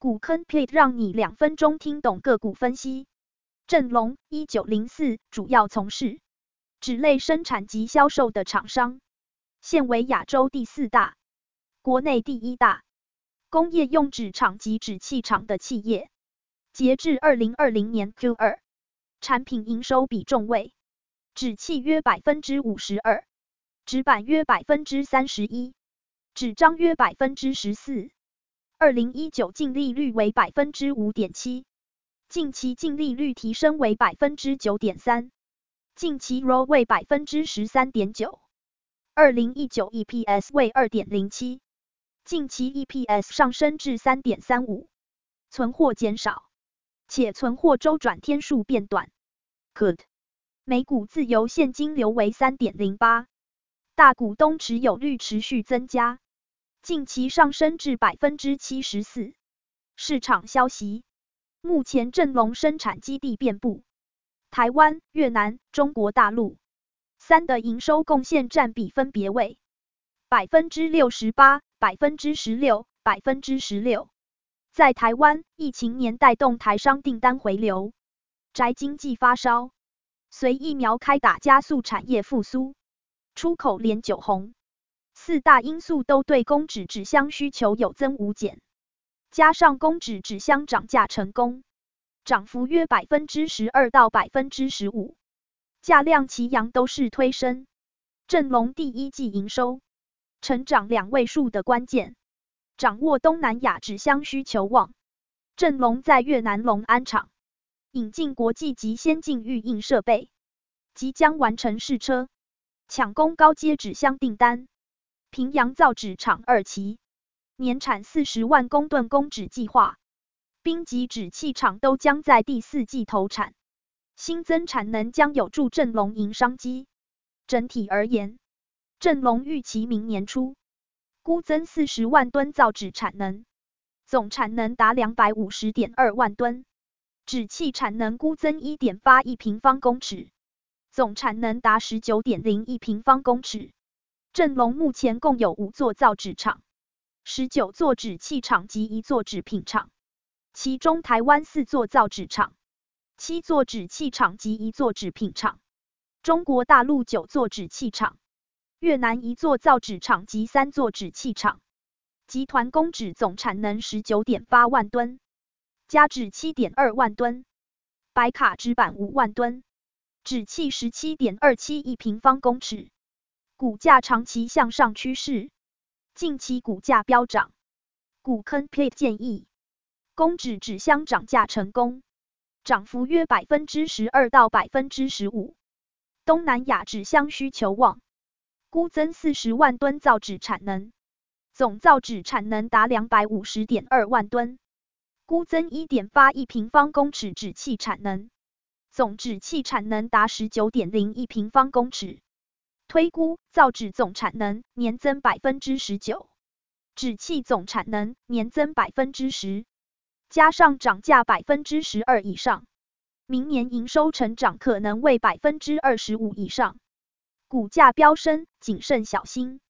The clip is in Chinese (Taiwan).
股坑 plate 讓你兩分鐘聽懂個股分析。正隆一九零四主要從事紙類生產及銷售的廠商，現為亞洲第四大、國內第一大工業用紙廠及紙器廠的企業。截至二零二零年 Q 二，產品營收比重為紙器約百分之五十二，紙板約百分之三十一，紙張約百分之十四。2019淨利率為百分之五點七，近期淨利率提升為百分之九點三，近期 ROE 為百分之十三點九。2019 EPS 為二點零七，近期 EPS 上升至三點三五，存貨減少，且存貨周轉天數變短，Good。每股自由現金流為三點零八，大股東持有率持續增加。近期上升至百分之七十四。市場消息，目前正隆生產基地遍布台灣、越南、中國大陸，三的營收貢獻占比分別為百分之六十八、百分之十六、百分之十六。在台灣，疫情年帶動台商訂單回流，宅經濟發燒，隨疫苗開打加速產業復甦，出口連九紅。四大因素都對工紙紙箱需求有增無減，加上工紙紙箱漲價成功，漲幅約百分之十二到百分之十五，價量齊揚都是推升正隆第一季營收成長兩位數的關鍵。掌握東南亞紙箱需求旺，正隆在越南隆安廠引進國際級先進預印設備，即將完成試車，搶攻高階紙箱訂單。平陽造紙廠二期年產四十萬公噸工紙計劃，冰及紙器廠都將在第四季投產，新增產能將有助正隆營商機。整體而言，正隆預期明年初估增四十萬噸造紙產能，總產能達兩百五十點二萬噸，紙器產能估增一點八億平方公尺，總產能達十九點零億平方公尺。正隆目前共有五座造紙廠、十九座紙器廠及一座紙品廠，其中台灣四座造紙廠、七座紙器廠及一座紙品廠，中國大陸九座紙器廠、越南一座造紙廠及三座紙器廠。集團工紙總產能十九點八萬噸，加紙七點二萬噸，白卡紙板五萬噸，紙器十七點二七億平方公尺。股價長期向上趨勢，近期股價飆漲。股坑 pit 建議，工紙紙箱漲價成功，漲幅約百分之十二到百分之十五。東南亞紙箱需求旺，估增四十萬噸造紙產能，總造紙產能達兩百五十點二萬噸，估增一點八億平方公尺紙器產能，總紙器產能達十九點零億平方公尺。推估造紙總產能年增百分之十九，紙器總產能年增百分之十，加上漲價百分之十二以上，明年營收成長可能為百分之二十五以上，股價飆升，謹慎小心。